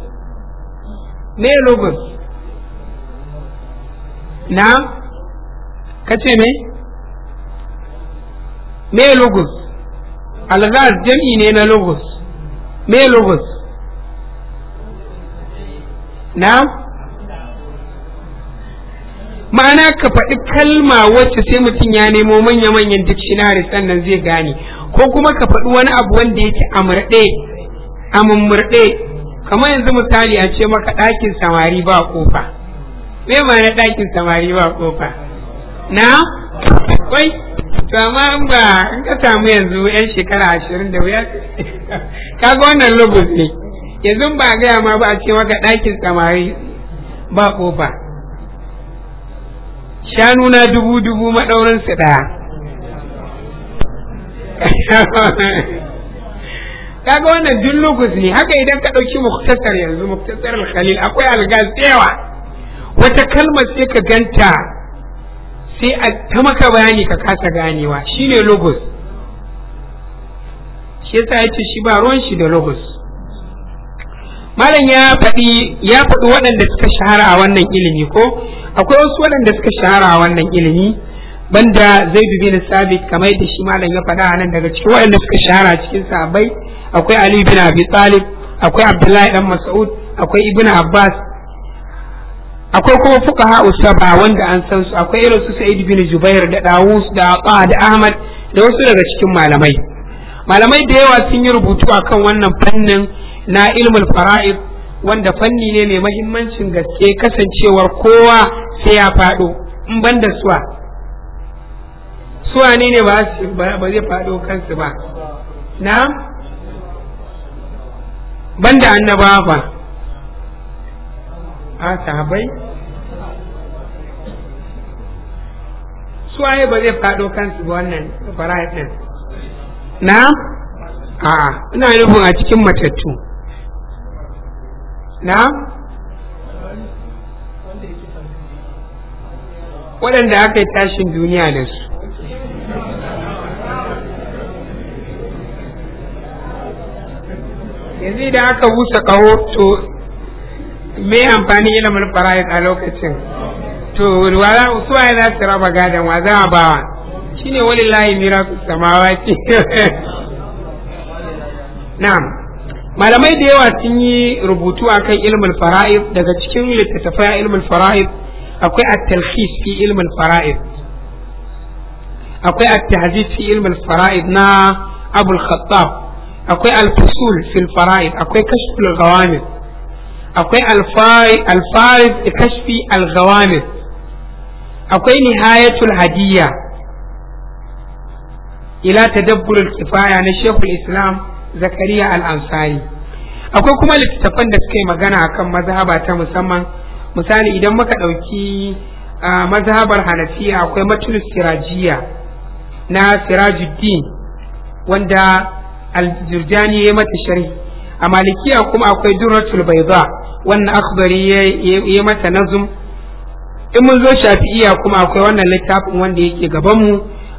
me lugus? na kace me me al-ghaz jami'i ne na lugus. me lugus? Na ma'ana ka faɗi kalma wacce sai mutum ya nemo manya-manyan dictionaries sannan zai gane ko kuma ka faɗi wani abu wanda yake amurɗe amummurɗe kamar yanzu misali a ce maka ɗakin samari ba kofa me ma'ana ɗakin samari ba kofa na wai to amma in ba in ka samu yanzu yan shekara ashirin da wuya Ka ga wannan lobos ne yanzu ba gaya ma ba a ce maka ɗakin samari ba ƙofa shanu na dubu dubu maɗaurin su ɗaya kaga wannan duk lokaci ne haka idan ka ɗauki muktasar yanzu muktasar al-khalil akwai algas yawa wata kalmar sai ka ganta sai a ta maka bayani ka kasa ganewa shine logos shi yasa yace shi ba ruwan shi da logos malam ya faɗi ya faɗi waɗanda suka shahara a wannan ilimi ko akwai wasu waɗanda suka shahara a wannan ilimi banda zai bi bin sabit kamar yadda shi malam ya faɗa a nan daga cikin waɗanda suka shahara cikin sahabbai akwai ali bin abi talib akwai abdullahi dan mas'ud akwai ibn abbas akwai kuma fuqaha usaba wanda an san su akwai irin su sa'id bin jubair da dawus da aqa da ahmad da wasu daga cikin malamai malamai da yawa sun yi rubutu akan wannan fannin na ilmul fara'id wanda fanni ne mai mahimmancin gaske kasancewar kowa sai ya faɗo in ban da suwa suwa ne ne ba zai faɗo kansu ba na ban da annabawa ba a sahabai suwaye ba zai faɗo kansu ba wannan fara'id ɗin na a'a ina nufin a cikin matattu na waɗanda aka yi tashin duniya da su yanzu idan aka busa kawo to me amfani ilimin fara'id a lokacin to su waye za su raba gadon wa za a bawa shine walillahi miraku samawati na'am malamai da yawa sun yi rubutu akan ilmin fara'id daga cikin littattafai a ilmin fara'id akwai at-talkhis fi ilmul fara'id akwai at-tahzib fi ilmul fara'id na abul khattab akwai al-fusul fil fara'id akwai kashful ghawamid akwai al-farid kashfi al-ghawamid akwai nihayatul hadiyya ila tadabbur al-kifaya na shaykhul islam zakariya al'ansari akwai kuma littattafan da suka yi magana akan mazhaba ta musamman misali idan muka ɗauki mazhabar hanafiya akwai matul sirajiya na sirajuddin wanda aljurjani ya mata sharhi a malikiya kuma akwai durratul baiza wannan akhbari ya mata nazum in mun zo shafi'iya kuma akwai wannan littafin wanda yake gaban mu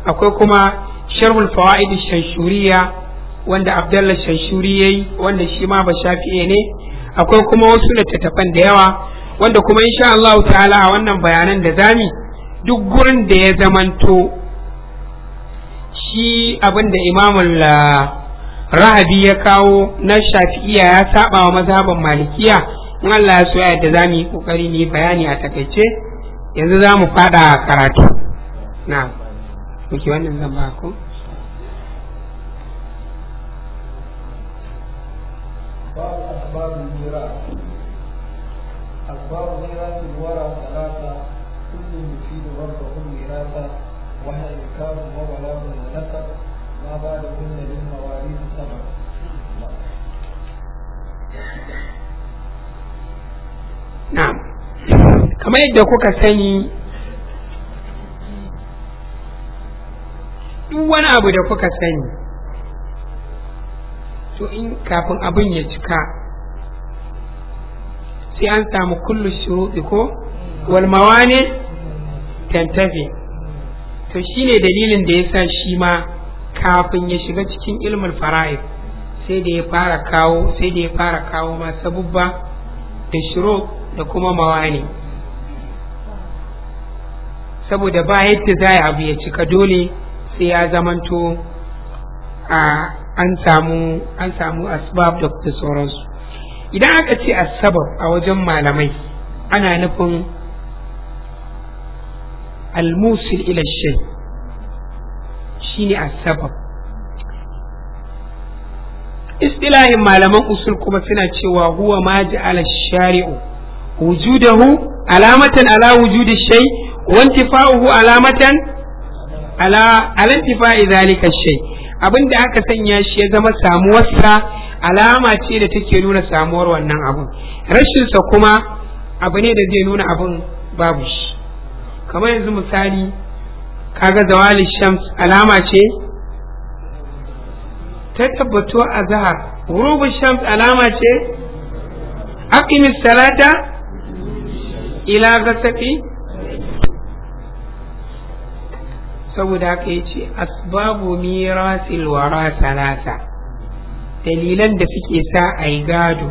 akwai kuma sharhul fawaid shanshuriya wanda abdallah shanshuri ya yi wanda shi ma ba shafi'e ne akwai kuma wasu littattafan da yawa wanda kuma insha Allah ta'ala a wannan bayanan da zami duk gurin da ya zamanto shi abin da imamul ah, rahabi ya kawo na shafi'iya ya saba wa mazhaban malikiya in Allah ya so ya yadda zamu yi kokari ne bayani a takaice yanzu za mu fada karatu na wannan zan ba أسباب الميراث أسباب ميراث الورى ثلاثة كل يفيد ربه ميراثا وهي إنكار وبلاغ ونسب ما بعدهن للمواريث سبع نعم kamar yadda kuka sani duk wani abu da kuka sani to in kafin abin ya cika sai an samu kullu shuruɗi ko wal ne? tantafi to shine dalilin da ya sa shi ma kafin ya shiga cikin ilmin fara'id sai da ya fara kawo sai da ya fara kawo ma sabubba da shiro da kuma mawani saboda ba yadda za abu ya cika dole sai ya zamanto a an samu an samu asbab da sauransu idan aka ce asabar a wajen malamai ana nufin almusil ila ne a asbab istilahin malaman usul kuma suna cewa huwa ma ja'ala shari'u wujudahu alamatan ala wujudi shay wa intifa'uhu alamatan ala ala zalika shai abinda aka sanya shi ya zama samuwarsa alama ce da take nuna samuwar wannan abun rashinsa kuma abu ne da zai nuna abun babu shi kamar yanzu misali kaga zawali shams alama ce ta tabbato a zahar rubin shams alama ce aqimis salata ila gasafi saboda haka ce asbabu mirasil wara salata dalilan da suke sa a yi gado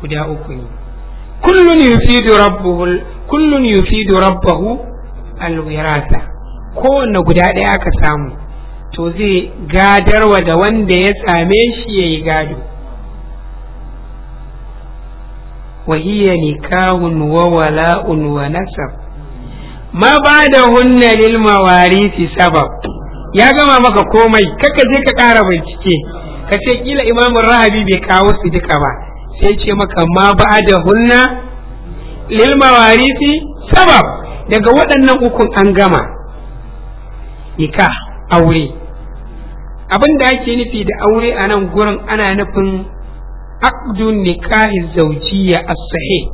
guda uku ne kullun yufidu rabbuhu kullun yufidu rabbahu alwirasa kowanne guda ɗaya aka samu to zai gadarwa da wanda ya same shi ya yi gado وهي نكاه وولاء ونسب ما بعدهن للمواريث سبب ya gama maka komai kaka je ka ƙara bincike ka ce kila imamun rahabi bai kawo su duka ba sai ce maka ma ba da hunna lil mawarisi sabab daga waɗannan ukun an gama ika aure abin da ake nufi da aure a nan gurin ana nufin aqdun nikahi zawjiyya as-sahih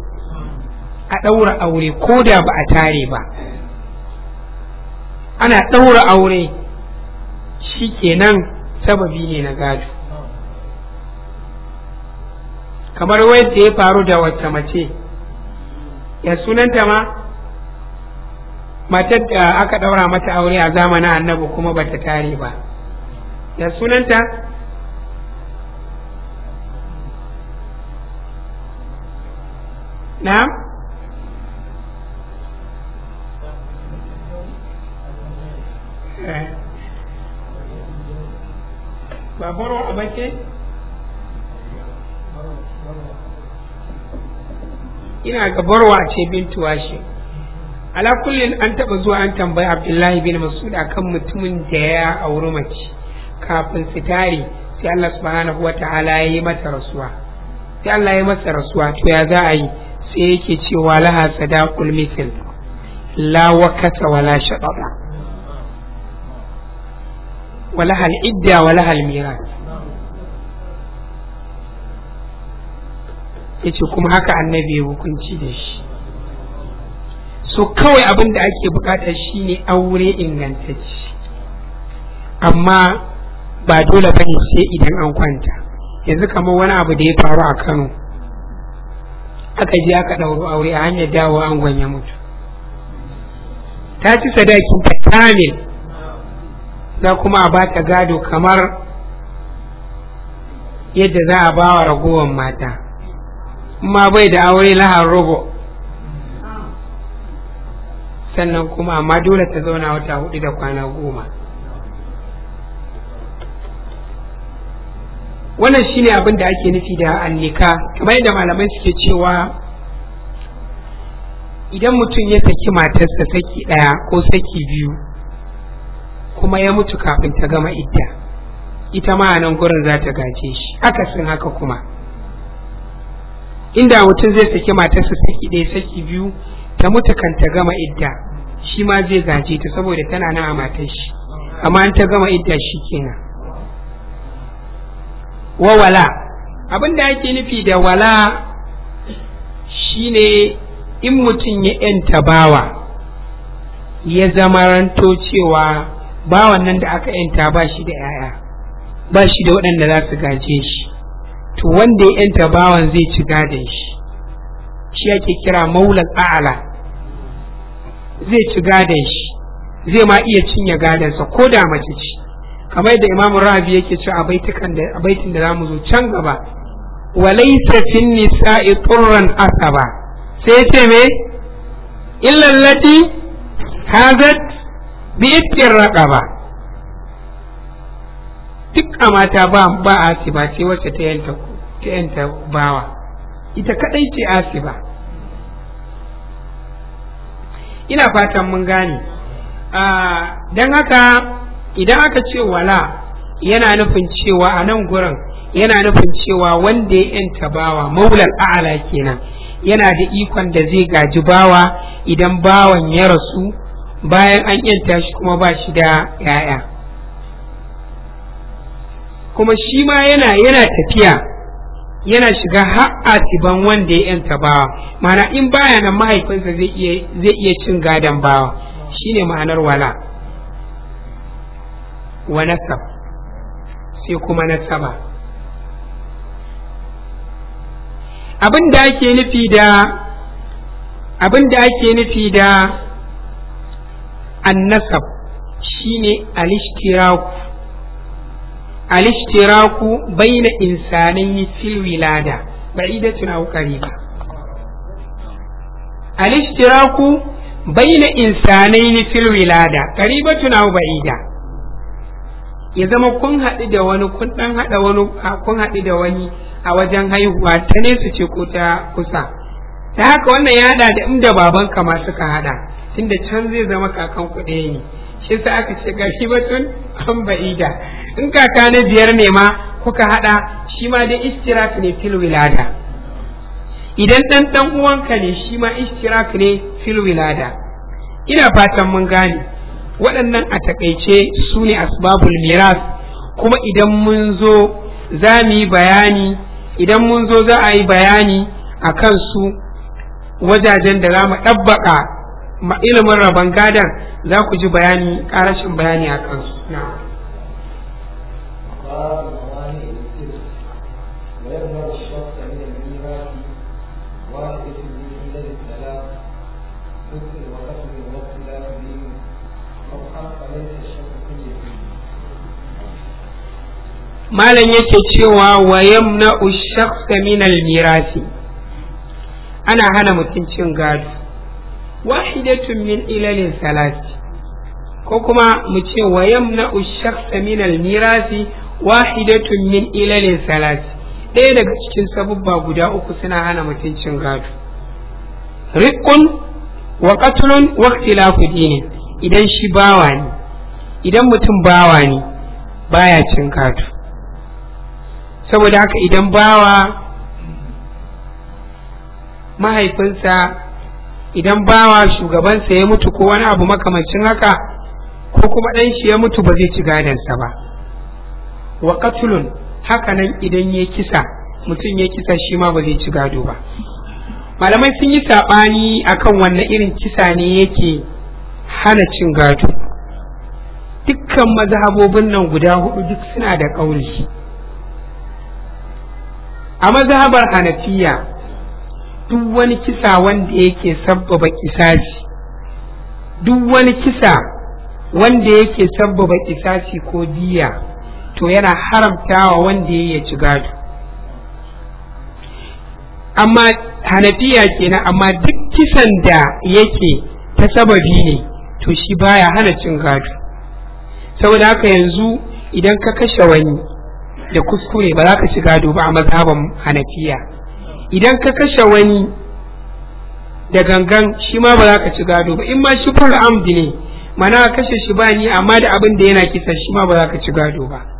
a ɗaura aure ko da ba a tare ba ana ɗaura aure shi shikenan sababi ne na gado kamar wadda ya faru da wata mace ya sunanta ma matar da aka ɗaura mata aure a zamanin annabi kuma bata tare ba ya sunanta na eh. babar wa ce? ina ga barwa ce bintu washe ala kullin an taɓa zuwa an tambayi abdullahi bin mas'ud akan mutumin da ya auri mace kafin su sai Allah subhanahu wa ta'ala ya yi mata rasuwa sai Allah ya masa rasuwa to ya za a yi sai yake cewa laha sadaqul mithl la wakata wala shadada wala hal idda wala hal miras Ya ce kuma haka annabi ya hukunci da shi so kawai abin da ake bukata ne aure ingantacce amma ba dole bane sai idan an kwanta yanzu kamar wani abu da ya faru a Kano aka ji aka ɗauro aure a hanyar dawo an ya mutu ta ci sadakin ta tame za kuma a ba ta gado kamar yadda za a ba wa ragowar mata ma bai da aure lahar rogo ah. sannan kuma amma dole ta zauna wata hudu da kwana goma wannan shine abin da ake nufi da annika kamar yadda malamai suke cewa idan mutum ya saki matarsa saki ɗaya ko saki biyu kuma ya mutu kafin ta gama idda ita ma a nan gurin za ta gaje shi akasin haka kuma inda mutum zai saki matarsa saki ɗaya saki biyu ta mutu kan ta gama idda shi ma zai gaje ta saboda tana nan a matar shi amma an ta gama idda shi kenan wa wala abin da ake nufi da wala shine in mutum ya yanta bawa ya zama ranto cewa bawan nan da aka yanta ba shi da 'ya'ya ba shi da waɗanda za su gaje shi to wanda ya yanta bawan zai ci gadon shi shi ake kira maulan a'ala zai ci gadon shi zai ma iya cinye gadonsa ko da mace ce kamar da imam rabi yake ci a da a baitin da zamu zo can gaba walaysa fin nisa'i turran asaba sai ce me illa allati hazat bi ittir raqaba duk a mata ba ba a ce ba sai wacce ta yanta ta yanta bawa ita kadai ce asiba ina fatan mun gane don haka idan aka ce wala yana nufin cewa a nan gurin yana nufin cewa wanda ya yanta bawa maulal a'ala kenan yana da ikon da zai gaji bawa idan bawan ya rasu bayan an yanta shi kuma ba shi da 'ya'ya kuma shi ma yana yana tafiya yana shiga ha'atiban wanda ya yanta bawa mana in baya nan mahaifinsa zai iya cin gadon bawa shine ma'anar wala wa nasab sai kuma nasaba abin da ake nufi da abin da ake nufi da annasab shine alishtiraku alishtiraku baina insanai fil wilada ba'idatun aw qariba alishtiraku baina insanai fil wilada qaribatun aw ba'ida ya zama kun haɗu da wani kun ɗan haɗa wani kun haɗu da wani a wajen haihuwa ta nesa ce ko ta kusa ta haka wannan ya haɗa da inda babanka ma suka haɗa tunda can zai zama kakan ku ɗaya ne shi sa aka ce gashi batun an ba'ida in kaka na biyar ne ma kuka haɗa shi ma dai istirak ne fil wilada idan ɗan ɗan uwanka ne shi ma istirak ne fil wilada ina fatan mun gane waɗannan a taƙaice su ne asbabul miras kuma idan mun zo za mu bayani idan mun zo za a yi bayani a kansu wajajen da za mu ɗabbaƙa ilimin rabon gadon za ku ji bayani ƙarashin bayani a kansu na'am Malam yake cewa wa yamna shakhsa min mirasi ana hana mutum cin gado wahidatun min ilalin salati ko kuma mu ce wa yamna shakhsa min mirasi wahidatun min ilalin salat ɗaya daga cikin sabubba guda uku suna hana mutum cin gado riƙun wa qatlun wa ikhtilafu dinin idan shi bawa ne idan mutum bawa ne baya cin gado saboda haka idan bawa mahaifinsa idan bawa shugabansa ya mutu ko wani abu makamancin haka ko kuma ɗan shi ya mutu ba zai ci gadansa ba wa katulun haka nan idan ya kisa mutum ya kisa shi ma ba zai ci gado ba malamai sun yi saɓani akan wannan irin kisa ne yake hana cin gado dukkan mazhabobin nan guda hudu duk suna da ƙauri a mazhabar hanafiya duk wani kisa wanda yake sabbaba kisaji duk wani kisa wanda yake sabbaba kisasi ko diya to yana haramtawa wanda ya ci gado amma hanafiya kenan amma duk kisan da yake ta sababi ne to shi baya hana cin gado saboda haka yanzu idan ka kashe wani da kuskure ba za ka ci gado ba a mazhaban hanafiya idan ka kashe wani da gangan shi ma ba za ka ci gado ba in ma shi amdi ne mana kashe shi ba ni amma da abin da yana kisa shi ma ba za ka ci gado ba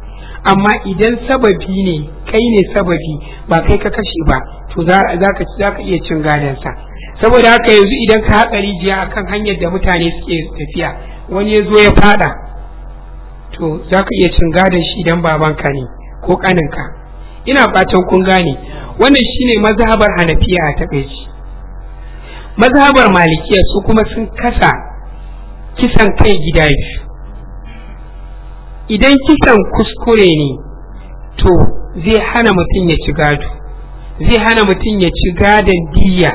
amma idan sababi ne kai ne sababi ba kai ka kashe ba to za ka iya cin gadansa saboda haka yanzu idan ka haƙa rijiya akan hanyar da mutane suke tafiya wani ya zo ya fada to za ka iya cin gadon shi idan babanka ne ko ƙaninka ina fatan kun gane wannan shi ne mazhabar hanafiya a taƙaici mazhabar malikiya su kuma sun kasa kisan kai gida biyu idan kisan kuskure ne to zai hana mutum ya ci gado zai hana mutum ya ci gadon diya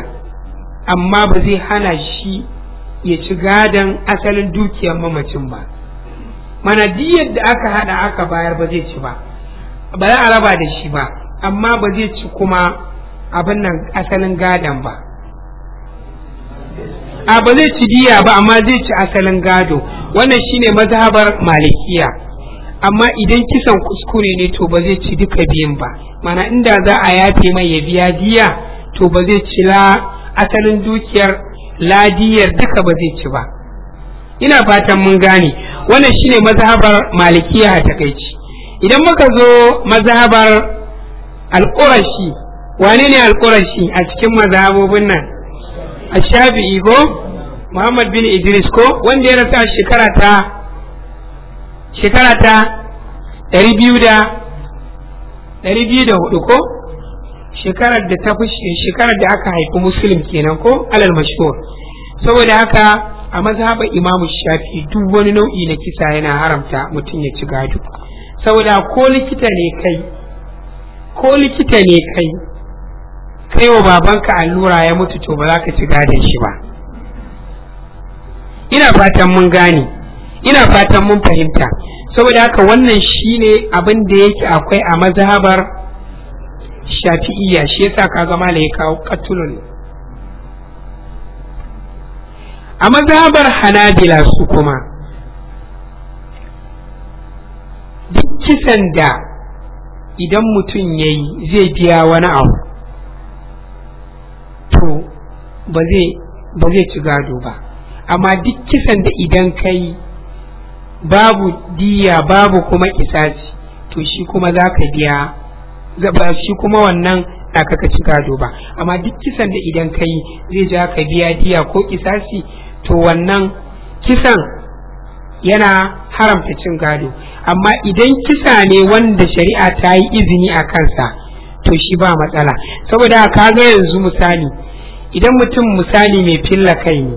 amma ba zai hana shi ya ci gadon asalin dukiyar mamacin ba mana diyar da aka hada aka bayar ba zai ci ba ba za a raba da shi ba amma ba zai ci kuma abin nan asalin gadon ba a ba zai ci diya ba amma zai ci asalin gado wannan shine mazhabar malikiya amma idan kisan kuskure ne to ba zai ci duka biyan ba mana inda za a yafe mai ya biya diya to ba zai ci la asalin dukiyar ladiyar duka ba zai ci ba ina fatan mun gane wannan shine mazhabar malikiya a takaici idan muka zo mazhabar alƙurashi wane ne alƙurashi a cikin mazhabobin nan a shafi ko muhammad bin idris ko wanda ya rasa shekara ta shekara ta ɗari biyu da ɗari biyu da hudu ko shekarar da ta fi shekarar da aka haifi musulun kenan ko alal mashhur saboda haka a mazhabar imamu shafi duk wani nau'i na kisa yana haramta mutum ya ci gado saboda ko likita ne kai ko likita ne kai kai wa babanka allura ya mutu to ba za ka ci gadon shi ba ina fatan mun gane ina fatan mun fahimta saboda haka wannan shine abin da yake akwai a mazhabar shafi'iyya shi yasa ka ga malai kawo katulun a mazhabar hanabila su kuma duk kisan da idan mutum ya yi zai biya wani abu to ba zai ci gado ba amma duk kisan da idan ka babu diya babu kuma kisasi to shi kuma za ka biya ba shi kuma wannan na kaka ci gado ba amma duk kisan da idan ka yi zai ja ka biya diya ko kisasi to wannan kisan yana haramta cin gado amma idan kisa ne wanda shari'a ta yi izini a kansa to shi ba matsala saboda ka ga yanzu misali idan mutum misali mai filla kai ne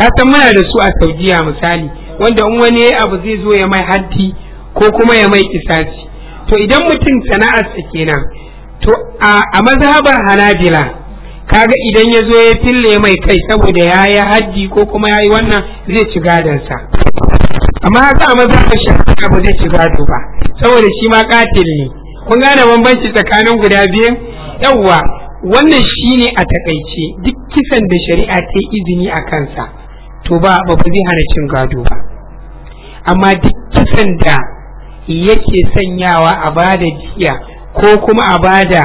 ka san muna da su a saudiya misali wanda in wani abu zai zo ya mai haddi ko kuma ya mai kisaci to idan mutum sana'ar sa kenan to a mazhabar hanabila kaga idan ya zo ya fille mai kai saboda ya yi haddi ko kuma ya yi wannan zai ci sa, amma haka a mazhabar shafi'a ba zai ci gado ba saboda shi ma katil ne kun gane bambanci tsakanin guda biyu yawwa wannan shine a takaice duk kisan da shari'a ta izini a kansa to ba ba zai hana cin gado ba amma duk kisan da yake sanyawa a bada jiya ko kuma a bada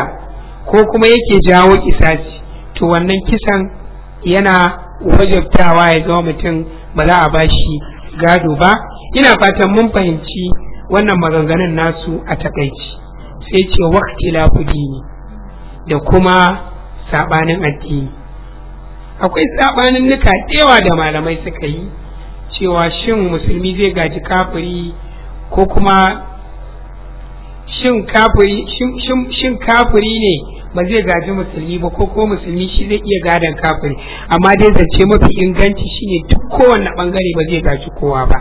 ko kuma yake jawo ce to wannan kisan yana wajabtawa ya zama mutum ba za a ba shi gado ba ina fatan mun fahimci wannan maganganun nasu a takaici sai ce waqti la da kuma saɓanin addini akwai sabanin nuka da malamai suka yi cewa shin musulmi zai gaji kafiri ko kuma shin kafiri ne ba zai gaji musulmi ba ko ko musulmi shi zai iya gadon kafiri amma dai zance mafi inganci shine duk kowanne bangare ba zai gaji kowa ba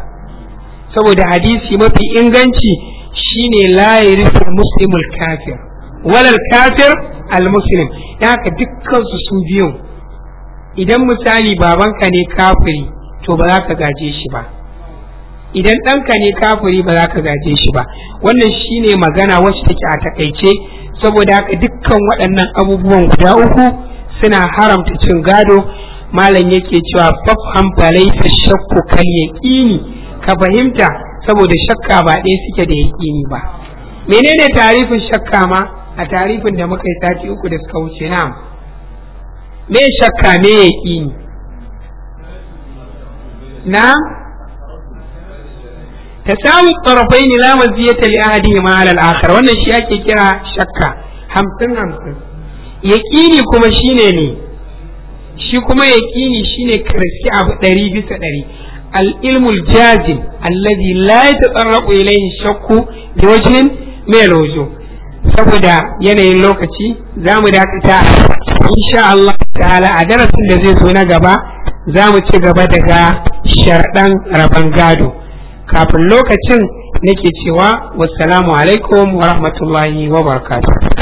saboda hadisi mafi inganci shine la yarifu muslimul kafir walal kafir al muslim haka dukkan su su biyun idan misali babanka ne kafiri to ba za ka gaje shi ba idan ɗanka ne kafiri ba za ka gaje shi ba wannan shine magana wacce take a takaice saboda haka dukkan waɗannan abubuwan guda uku suna haramta cin gado malam yake cewa fafham falaita shakku kal yaqini ka fahimta saboda shakka ba ɗaya suke da yaqini ba menene tarifin shakka ma a tarifin da muka yi sati uku da suka wuce na? me shakka me yaƙini na tasawu tarafain la maziyata li ahadihima ala al-akhar wannan shi ake kira shakka hamsin hamsin yaƙini kuma shine ne shi kuma yaƙini shine karshe abu ɗari bisa ɗari Al-ilmu al-lazi العلم الجازم الذي لا يتطرق إليه الشك بوجه من الوجوه saboda yanayin lokaci za mu dakata insha Allah ta'ala a darasin da zai zo na gaba za mu ci gaba daga sharɗan rabon gado kafin lokacin nake cewa wassalamu alaikum wa rahmatullahi wa barakatuh